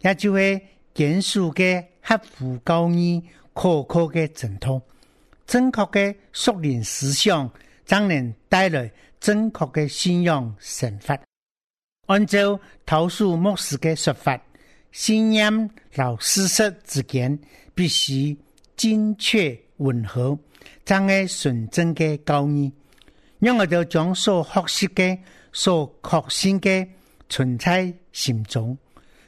也就是簡述嘅合乎教義、可靠嘅正統、正確嘅屬靈思想，才能帶來正確嘅信仰神法。按照陶恕牧師嘅說法，信仰和事實之間必須精確吻合，才係純正嘅教義。讓我哋將所學習嘅、所確信嘅存在心中。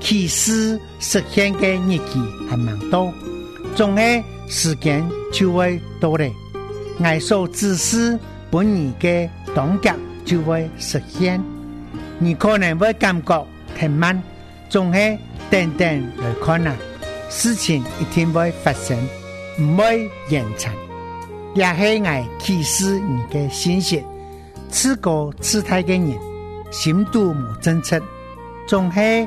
其實實現嘅日期還蠻多，總係時間就會多咧。愛受自私不義嘅黨格就會實現。你可能會感覺很慢，總係等等來看啦。事情一定會發生，唔會延長。也係愛其實你嘅信心血，超過期態嘅你，心度冇真誠，總係。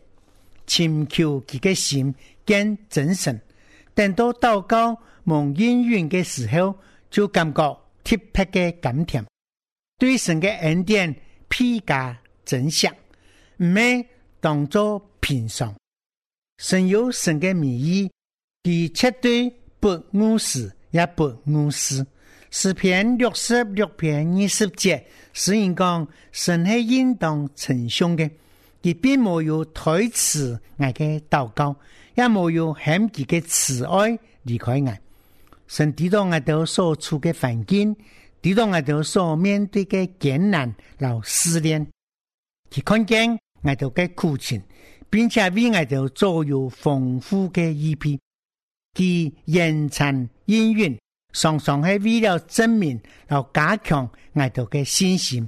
虔求自己心更真誠，等到禱告蒙應允嘅時候，就感覺特別嘅甘甜。對神嘅恩典披加珍惜，唔咩當做平常。神有神嘅名義，佢絕對不誤事也不誤事。詩篇六十六篇二十節，詩人講神係應當稱頌嘅。並沒有推辭的禱告，也沒有嫌棄的慈愛離開我。神抵擋我到所處的環境，抵擋我到所面對的艱難和試煉，留思念。佢看見我到苦情，並且為我到造就豐富的恩典，佢延遲應允，常常是為了證明，又加強我到信心。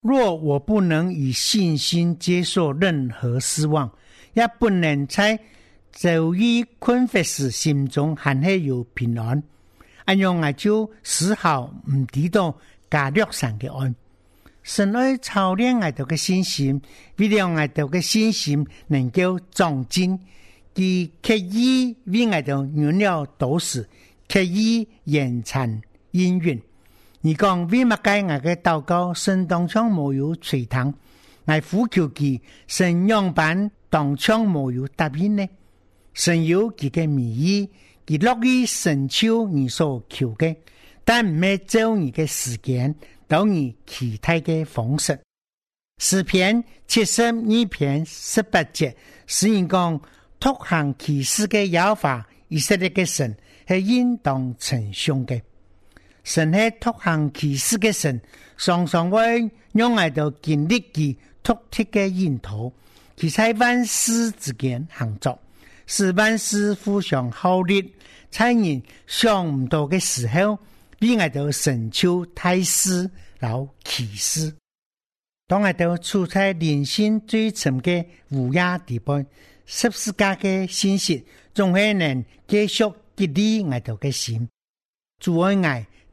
若我不能以信心接受任何失望，也不能在遭遇困乏時心中含許有平安，安娘，我就絲毫不抵擋加略山的愛。神愛操練我哋嘅信心，為了我哋嘅信心能夠長進，給刻意為我哋原料都史，刻意延長恩緣。而講《為物解 𠊎 嘅禱告》，神當槍無有隨堂，𠊎 苦求其神樣板當槍無有答應呢？神有其個名義，佢樂意神超你所求嘅，但唔要照你嘅時間，等你其他嘅方式。詩篇七十二篇十八節，是因講獨行奇事嘅耶和華，以色列嘅神係應當稱頌嘅。神係獨行奇事嘅神，常常會喺度建立其獨特嘅沿頭。其在萬事之間行作，使萬事互相效力，喺人想唔到嘅時候，俾我哋神求太師老騎師，當我哋處在人心最沉嘅烏鴉地盤，十字架嘅信息總係能繼續激勵我哋嘅心，阻礙。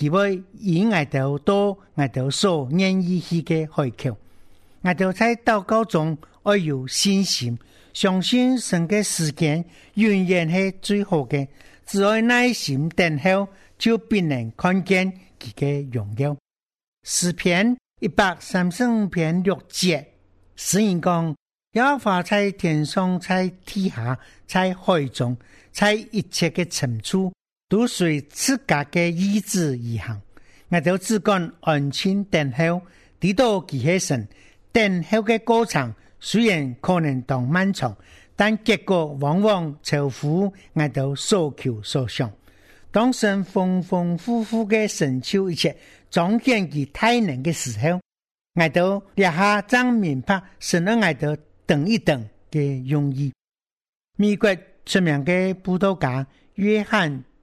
幾位以愛到多愛到所願意去嘅開口；愛到在禱告中愛要相信，相信上嘅時間永遠係最好嘅。只要耐心等候，就必能看見佢嘅容耀。十篇一百三十五篇六節，是講要發財，天上在地下，在海中，在一切嘅塵處。都隨自家嘅意志，而行，挨到只管安靜等候，直到其起身。等候嘅過程雖然可能當漫長，但結果往往超乎挨到所求所想。當神風風呼呼嘅成就一切，彰顯其大能嘅時候，挨到一下張明白，甚至挨到等一等嘅用意。美國出名嘅布道家約翰。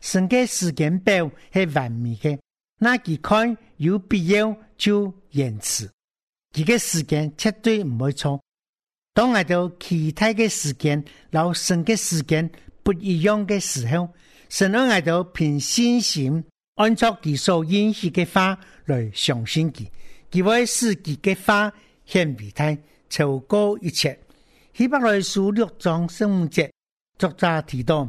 生計時間表係完美的，那幾、個、看有必要就延遲。幾個時間絕對唔會錯。當我到其他嘅時間，老生嘅時間不一樣嘅時候，只能我到憑信心，按照技術允許嘅話來相信佢。幾位書記嘅發向鼻聽，超過一切。希伯來書六章十五節，作者提到。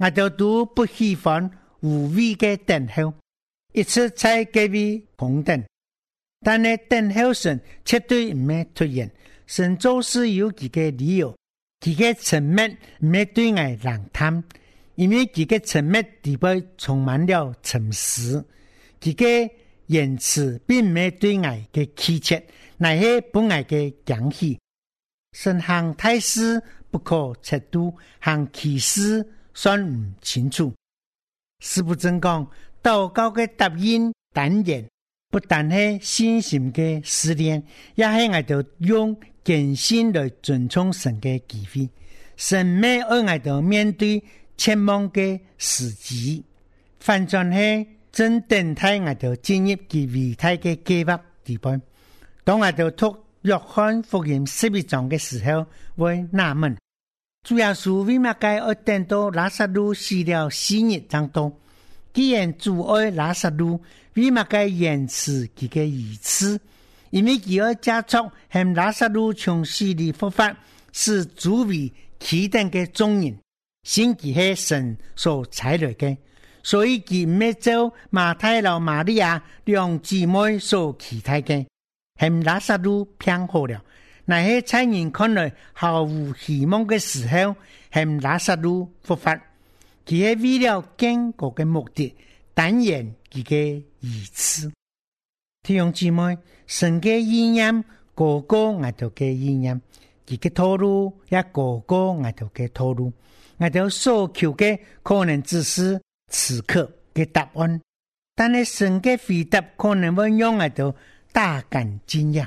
我哋都不喜歡無謂嘅等候，一次再改為紅燈，但係等候時絕對唔會出現。神做事有幾個理由，幾個層面唔係對外冷淡，因為幾個層面底部充滿了沉思，幾個言辭並唔係對外嘅親切，乃係對外嘅講氣。神行大事不可測度，行奇事。算唔清楚，是不正講。禱告嘅答，答應，當然不但係信心嘅試煉，也係我哋用信心嚟尊重神嘅機會。神咩？我哋面對千萬嘅時機反轉係真正替我哋進入佢未睇嘅計劃地步。當我哋讀約翰福音十一章嘅時候會，會納悶。主耶穌為麼該二等到拉薩路死了四日當中，既然主愛拉薩路，為麼該延遲幾個意思？因為基督加初向拉薩路，從死裏復活，是主為起定的忠人，心機係神所採來的，所以佢唔要做馬太老、瑪利亞兩姊妹所期待嘅，向拉薩路，偏好了。那些親人看來毫無希望的時候，係拉撒路復活，佢喺為了更高的目的，當然，佢嘅兒子。弟兄姊妹，神嘅意念，高過外頭嘅意念，佢嘅道路也高過外頭嘅道路，外頭所求嘅可能只是此刻嘅答案，但係神嘅回答可能會讓外頭大感驚訝。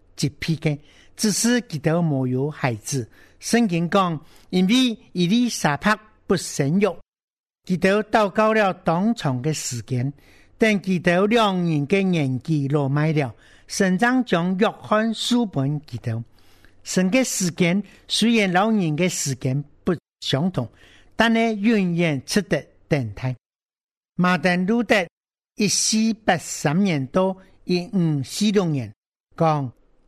是皮干，只是佢哋沒有孩子。聖經講，因為伊麗莎白不生育。佢哋禱告了當長嘅時間，但佢哋兩人嘅年紀落埋了。神長將約翰書本佢哋。神個時間雖然老人嘅時間不相同，但呢永遠值得等待。馬丁路德一四八三年到一五四六年，講。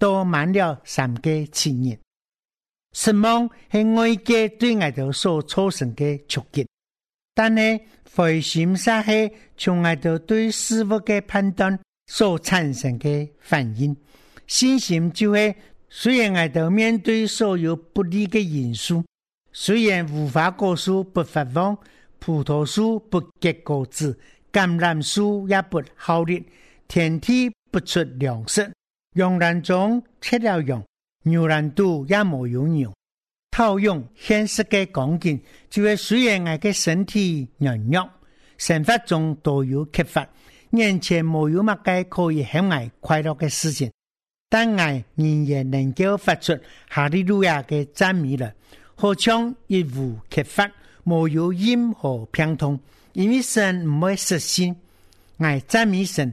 都滿了三個七年，失望是外界對外頭所造成的挫折，但是灰心沙是從外頭對事物嘅判斷所產生嘅反應。信心就是，雖然外頭面對所有不利嘅因素，雖然無花果樹不發旺，葡萄樹不結果子，橄欖樹也不好滴，田地不出糧食。羊欄中絕了羊，牛欄肚也冇有牛。套用現實嘅講法，就係雖然我嘅身體軟弱，生活中都有缺乏，眼前冇有乜嘅可以向我快樂嘅事情，但我仍然能夠發出哈利路亞嘅讚美了。何嘗亦無缺乏，冇有任何病痛，因為神唔會失信，我讚美神。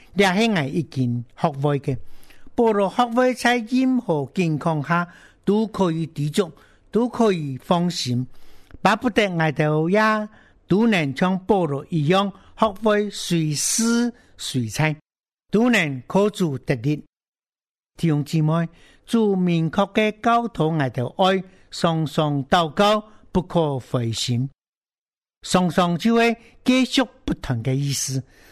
啲兄弟已經學會嘅保羅學會在任何境況，下都可以抵觸，都可以放心。巴不得我哋也都能像保羅一樣學會隨時隨稱，都能靠主得力。弟兄姊妹，做明確嘅溝通，我哋愛雙雙禱告，不可灰心。雙雙就會繼續不同嘅意思。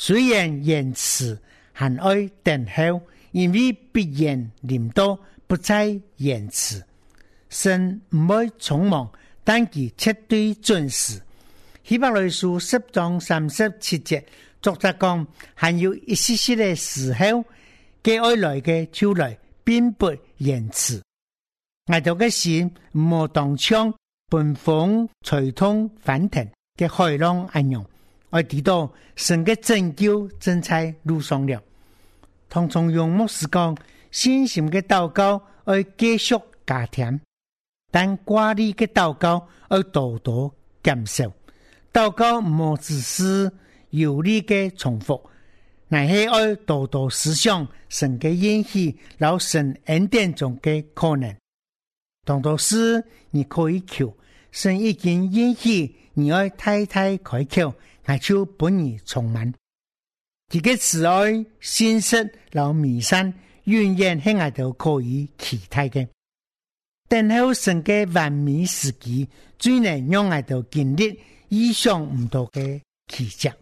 雖然遲延，但愛等候，因為必然臨到，不再遲延，神唔會匆忙，但其絕對準時。希伯來書十章三十七節，作者講，還有一絲絲的時候，嘅愛來嘅就來，並不遲延。挨到嘅是唔好動槍，半風隨通反彈嘅海浪一樣。而知道神個拯救正在路上了。通常用牧師講，信心嘅禱告而繼續加添，但掛慮嘅禱告而多多減少。禱告莫自私，有利嘅重複，乃是愛多多思想神嘅恩許，留神恩典中嘅可能。同導師，你可以求神已經允許，你要太太開口。我就本而充滿，這個慈愛先識留眉山，永遠喺我度可以期待嘅，但係我想嘅完美時機，最能讓我度經歷意想唔到嘅奇蹟。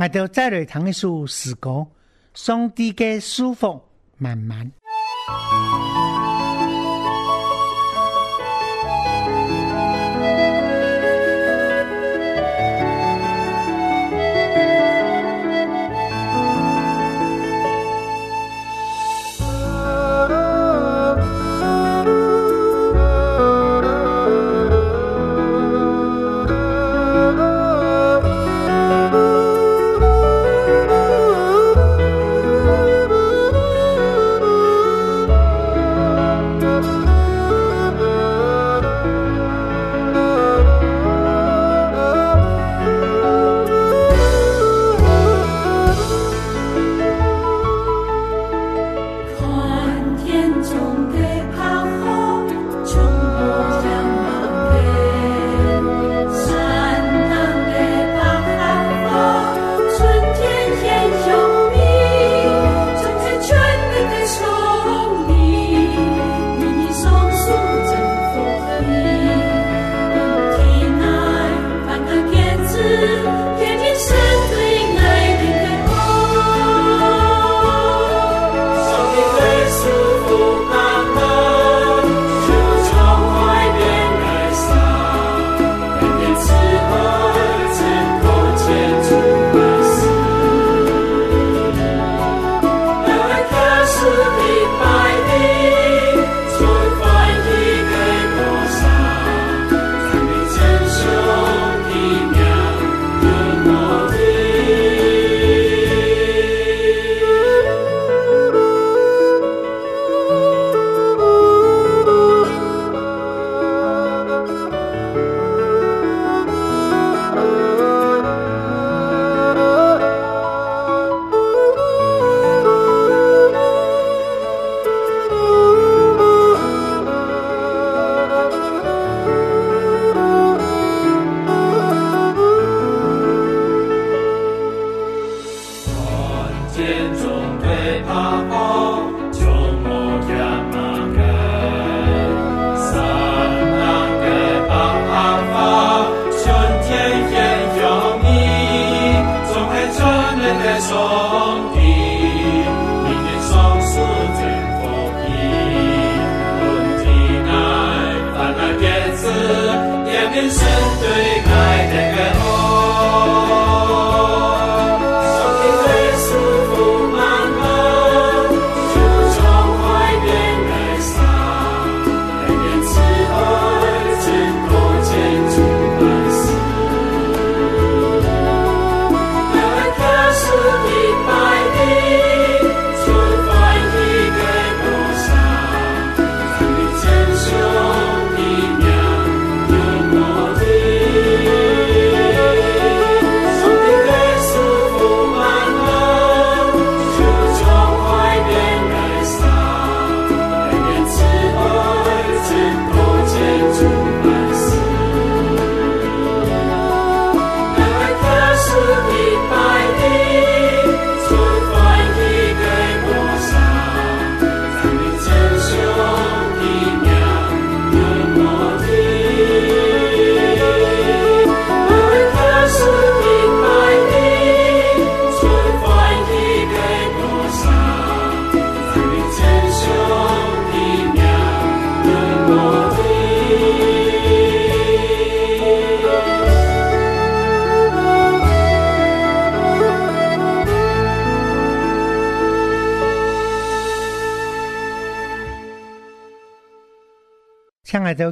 我度再嚟同一首詩歌，送上帝嘅祝福滿滿。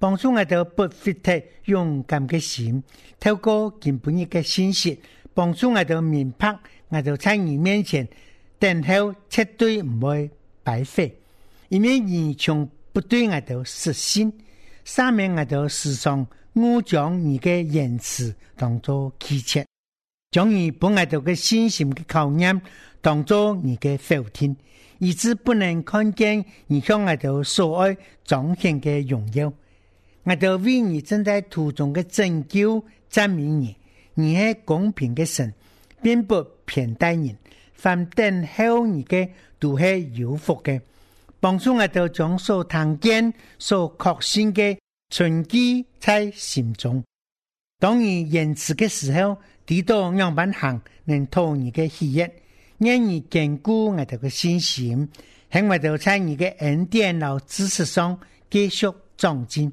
幫助我哋不失去勇敢的心，透過根本一個信息，幫助我哋明白，我哋在你面前等候，絕對唔會白費，因為你從不對我哋失信。上面我哋時常誤將你的言辭當做欺騙，將你本我哋嘅信心的考驗當做你的否定，以致不能看見你向我哋所愛展現的榮耀。我哋為你正在途中的拯救讚美你，你係公平嘅神，並不偏待人，凡等候你嘅都係有福嘅，幫助我哋將所聽見、所確信嘅存記在心中。當你延遲嘅時候，提到樣本行能透你嘅喜悅，讓你堅固我哋嘅信心，喺我哋在你嘅恩典老知識上繼續長進。